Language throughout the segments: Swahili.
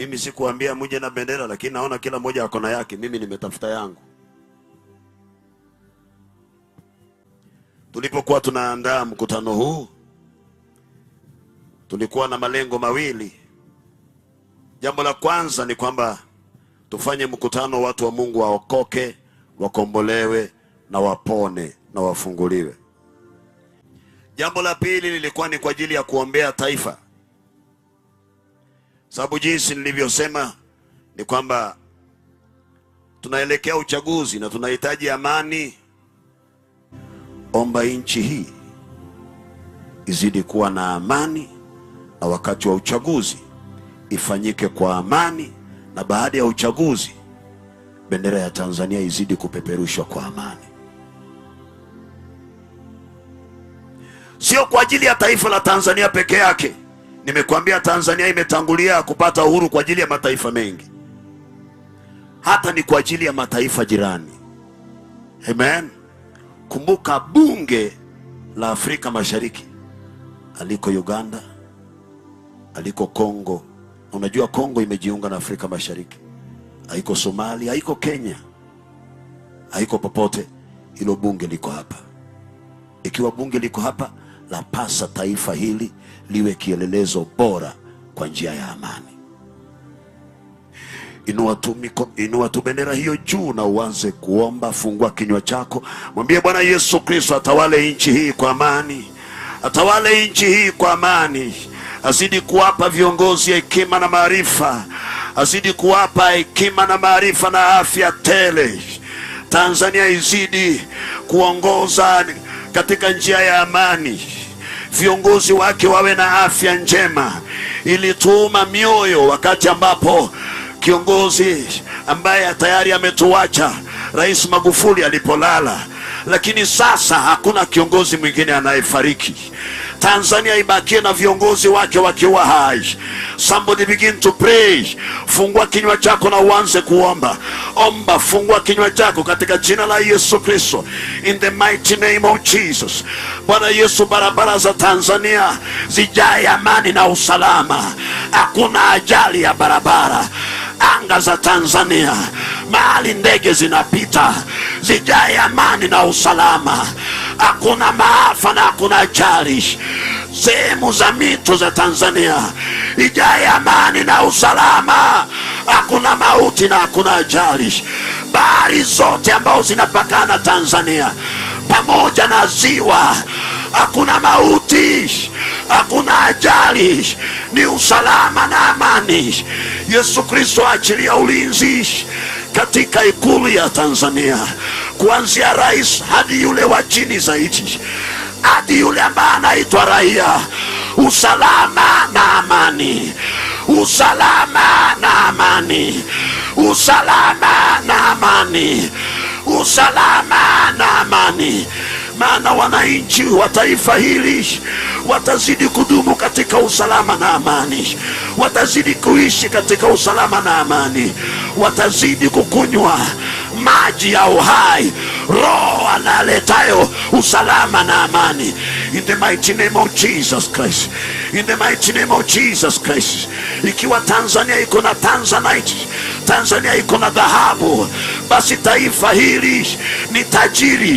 Mimi sikuambia muje na bendera, lakini naona kila mmoja ako na yake. Mimi nimetafuta yangu. Tulipokuwa tunaandaa mkutano huu, tulikuwa na malengo mawili. Jambo la kwanza ni kwamba tufanye mkutano, watu wa Mungu waokoke, wakombolewe na wapone na wafunguliwe. Jambo la pili lilikuwa ni kwa ajili ya kuombea taifa sababu jinsi nilivyosema ni kwamba tunaelekea uchaguzi na tunahitaji amani. Omba nchi hii izidi kuwa na amani, na wakati wa uchaguzi ifanyike kwa amani, na baada ya uchaguzi bendera ya Tanzania izidi kupeperushwa kwa amani, sio kwa ajili ya taifa la Tanzania peke yake Nimekuambia Tanzania imetangulia kupata uhuru kwa ajili ya mataifa mengi, hata ni kwa ajili ya mataifa jirani. Amen. Kumbuka bunge la Afrika Mashariki aliko Uganda, aliko Kongo. Unajua Kongo imejiunga na Afrika Mashariki, haiko Somalia, haiko Kenya, haiko popote. Hilo bunge liko hapa. Ikiwa bunge liko hapa, lapasa taifa hili liwe kielelezo bora kwa njia ya amani. Inua tu miko, inua tu bendera hiyo juu na uanze kuomba. Fungua kinywa chako, mwambie Bwana Yesu Kristo atawale nchi hii kwa amani, atawale nchi hii kwa amani, azidi kuwapa viongozi hekima na maarifa, azidi kuwapa hekima na maarifa na afya tele. Tanzania izidi kuongoza katika njia ya amani viongozi wake wawe na afya njema. Ilituuma mioyo wakati ambapo kiongozi ambaye tayari ametuacha Rais Magufuli alipolala, lakini sasa hakuna kiongozi mwingine anayefariki. Tanzania ibakie na viongozi wake wakiwa hai. Somebody begin to pray. Fungua kinywa chako na uanze kuomba. Omba, fungua kinywa chako katika jina la Yesu Kristo, in the mighty name of Jesus. Bwana Yesu, barabara za Tanzania zijae amani na usalama, hakuna ajali ya barabara. Anga za Tanzania, mahali ndege zinapita, zijae amani na usalama hakuna maafa na hakuna ajali. Sehemu za mito za Tanzania ijaye amani na usalama, hakuna mauti na hakuna ajali. Bahari zote ambazo zinapakana Tanzania pamoja na ziwa, hakuna mauti, hakuna ajali, ni usalama na amani. Yesu Kristo aachilia ulinzi katika ikulu ya Tanzania kuanzia rais hadi yule wa chini zaidi hadi yule ambaye anaitwa raia. Usalama na amani, usalama na amani, usalama na amani, usalama na amani. Maana wananchi wa taifa hili watazidi kudumu katika usalama na amani, watazidi kuishi katika usalama na amani, watazidi kukunywa maji ya uhai, roho analetayo usalama na amani. In the mighty name of Jesus Christ, in the mighty name of Jesus Christ. Ikiwa Tanzania iko na tanzanite, Tanzania iko na dhahabu, basi taifa hili ni tajiri.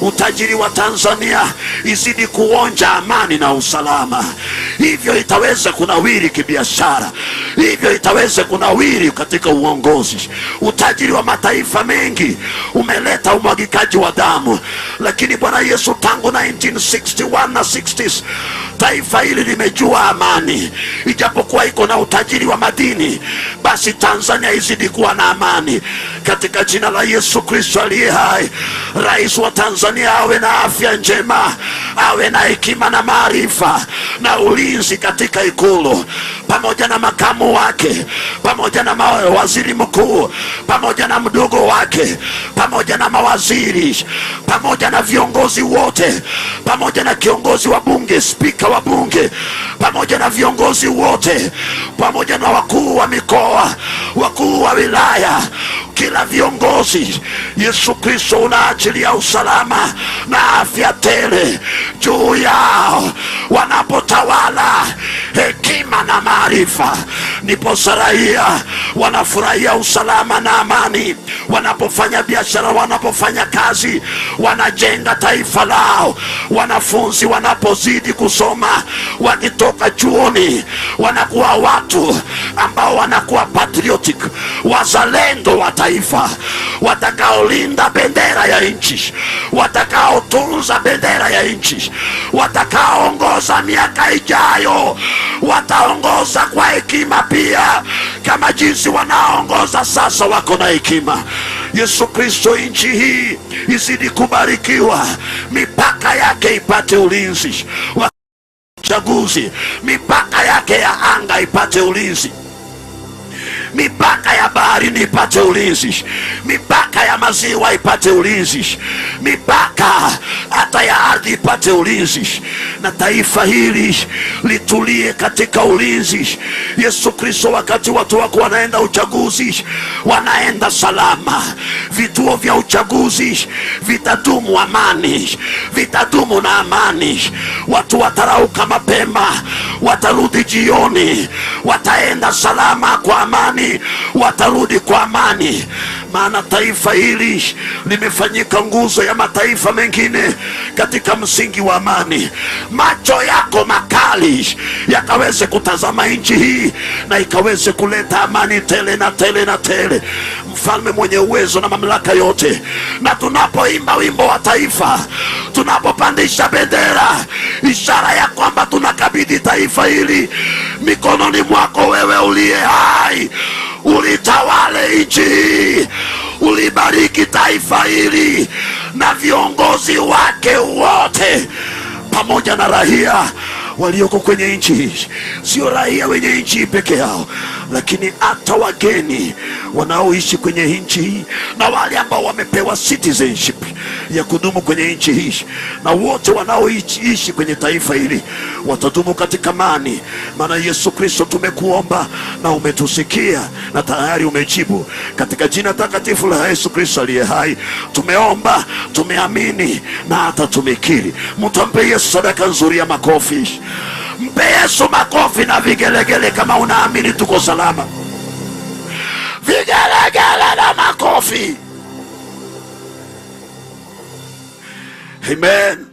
Utajiri wa Tanzania izidi kuonja amani na usalama hivyo itaweza kunawiri kibiashara, hivyo itaweza kunawiri katika uongozi. Utajiri wa mataifa mengi umeleta umwagikaji wa damu, lakini Bwana Yesu tangu 1961 na 60s taifa hili limejua amani, ijapokuwa iko na utajiri wa madini, basi Tanzania izidi kuwa na amani katika jina la Yesu Kristo aliye hai. Rais wa Tanzania awe na afya njema, awe na hekima na maarifa na ulinzi katika Ikulu, pamoja na makamu wake, pamoja na waziri mkuu, pamoja na mdogo wake, pamoja na mawaziri, pamoja na viongozi wote, pamoja na kiongozi wa bunge, spika wabunge pamoja na viongozi wote pamoja na wakuu wa mikoa, wakuu wa wilaya kila viongozi. Yesu Kristo unaachilia usalama na afya tele juu yao wanapotawala hekima na maarifa. Nipo raia wanafurahia usalama na amani wanapofanya biashara, wanapofanya kazi, wanajenga taifa lao. Wanafunzi wanapozidi kusoma, wakitoka chuoni, wanakuwa watu ambao wanakuwa patriotic, wazalendo wa taifa taifa, watakaolinda bendera ya nchi, watakaotunza bendera ya nchi, watakaoongoza miaka ijayo, wataongoza kwa hekima pia, kama jinsi wanaoongoza sasa wako na hekima. Yesu Kristo, nchi hii izidi kubarikiwa, mipaka yake ipate ulinzi uchaguzi, mipaka yake ya anga ipate ulinzi, mipaka baharini ipate ulinzi, mipaka ya maziwa ipate ulinzi, mipaka hata ya ardhi ipate ulinzi na taifa hili litulie katika ulinzi. Yesu Kristo, wakati watu wako wanaenda uchaguzi, wanaenda salama. Vituo vya uchaguzi vitadumu amani, vitadumu na amani. Watu watarauka mapema, watarudi jioni, wataenda salama kwa amani, watarudi kwa amani maana taifa hili limefanyika nguzo ya mataifa mengine katika msingi wa amani. Macho yako makali yakaweze kutazama nchi hii na ikaweze kuleta amani tele na tele na tele. Mfalme mwenye uwezo na mamlaka yote, na tunapoimba wimbo wa taifa, tunapopandisha bendera, ishara ya kwamba tunakabidhi taifa hili mikononi mwako, wewe uliye hai ulitawale nchi hii, ulibariki taifa hili na viongozi wake wote, pamoja na rahia walioko kwenye nchi hii, sio rahia wenye nchi hii peke yao, lakini hata wageni wanaoishi kwenye nchi hii na wale ambao wamepewa citizenship ya kudumu kwenye nchi hii, na wote wanaoishi kwenye taifa hili watadumu katika mani maana Yesu Kristo tumekuomba na umetusikia na tayari umejibu. Katika jina takatifu la Yesu Kristo aliye hai, tumeomba, tumeamini na hata tumekiri. Mtu ampe Yesu sadaka nzuri ya makofi. Mpe Yesu makofi na vigelegele kama unaamini tuko salama. Vigelegele na makofi. Amen.